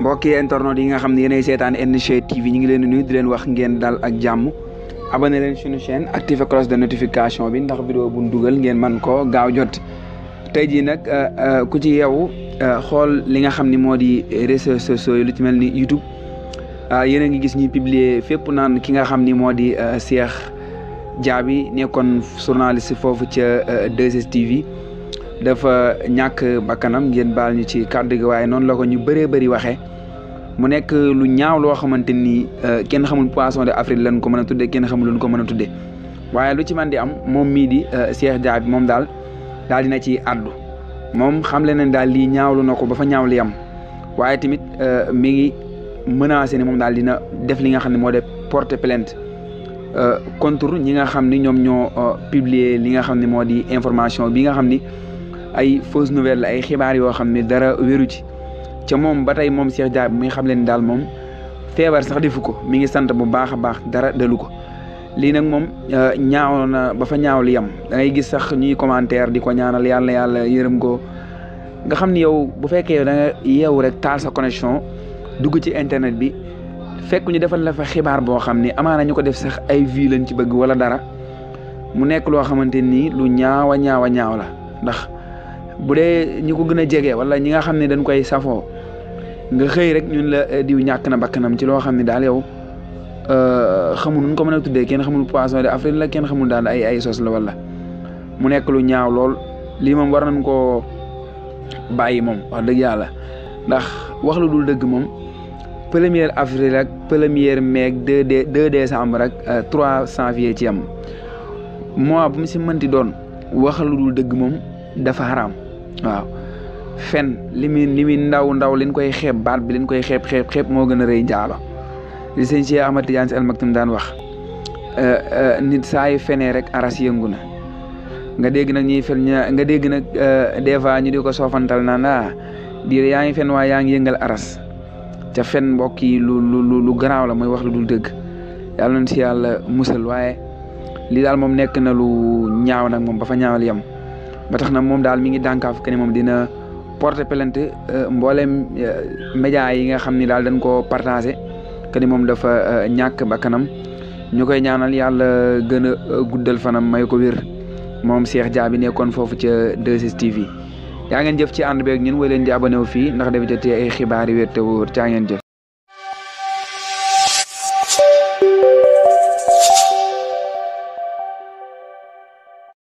mbokki internet yi nga xam ne yéenay seetaan NG TV ñu ngi leen di nuyu wax ngeen dal ak jàmm abonné leen suñu chaîne activé cloche de notification bi ndax vidéo bu dugal ngeen man ko gaaw jot tey jii nag euh, euh, ku ci yeewu euh, xool li nga xam ni moo di réseaux sociaux lu ci mel ni YouTube yéen a ngi gis ñi publier fépp naan ki nga xam ni moo di Cheikh Diaby nekkoon journaliste foofu ca 2STV. dafa ñàkk bakkanam ngeen baal ñu ci kàddu gi waaye noonu la ko ñu bëree bëri waxee mu nekk lu ñaaw loo xamante ni euh, kenn xamul poisson de Afrique lan ko mën a tuddee kenn xamul luñ ko mën a tuddee waaye lu ci man di am moom mii di euh, Cheikh Dia moom daal daal dina ci àddu moom xam leen ne daal lii ñaawlu na ko ba fa ñaaw li am waaye tamit euh, mi ngi menacé ne moom daal dina def li nga xam ne moo de porte plainte contre ñi nga xam ni ñoom ñoo publier li nga xam ne moo di information bi nga xam ni ay fausse nouvelle ay xibaar yoo xam ne dara wéru ci ca moom ba tey moom Cheikh Dia mi nga xam leen daal moom feebar sax defu ko mi ngi sant bu baax a baax dara dalu ko lii nag moom euh, ñaaw na ba fa ñaaw li yam da ngay gis sax ñuy commentaire di ko ñaanal yàlla yàlla yërëm ko nga xam ni yow bu fekkee da nga rek taal sa connexion dugg ci internet bi fekk ñu defal la fa xibaar boo xam ne amaana ñu ko def sax ay vues lañ ci bëgg wala dara mu nekk loo xamante nii lu ñaawa ñaawa ñaaw la bu dee ñu ko gën a jege wala ñi nga xam ne dañ koy safoo nga xëy rek ñu la eh, diw ñàkk na bakkanam ci loo xam ne daal yow euh, xamul nu ko mën a tuddee kenn xamul poisson d'Afrique la kenn xamul daal ay ay sos la wala mu nekk lu ñaaw lool lii moom war nañ koo bàyyi moom wax dëgg yàlla ndax wax lu dul dëgg moom premier avril ak premier mai deux deux rek ak euh, cent janvier ci am mois bu mu si doon wax lu dul dëgg moom dafa xaraam waaw fen li muy li muy ndaw ndaw liñ koy xeeb baat bi liñ koy xeeb xeeb xeeb moo gën a rëy njaalo li sëñ Cheikh Ahmad Tidiane Sy Al Maktoum daan wax euh, euh, nit saay fenee rek aras yëngu na nga dégg nag ñuy fen nga dégg nag euh, des fois ñu di ko soofantal naan ah diir yaa ngi fen waa yaa ngi yëngal aras ca fen mbokk yi lu lu lu garaaw la mooy wax lu dul dëgg yàlla nañ si musal waaye li daal moom nekk na lu ñaaw nag moom ba fa ñaawal yem ba tax na moom daal mi ngi dànkaaf que ne moom dina porter plainte euh, mboolem euh, média yi nga xam ni daal dañ koo partagé que ni moom dafa euh, ñàkk ba kanam ñu koy ñaanal yàlla gën a guddal fanam may ko wér moom Cheikh Dia bi nekkoon foofu ca 2STV yaa ngeen jëf ci ànd beeg ñun way leen di abonné wu fii ndax dafa jotee ay xibaar yu wér te wóor caa ngeen jëf.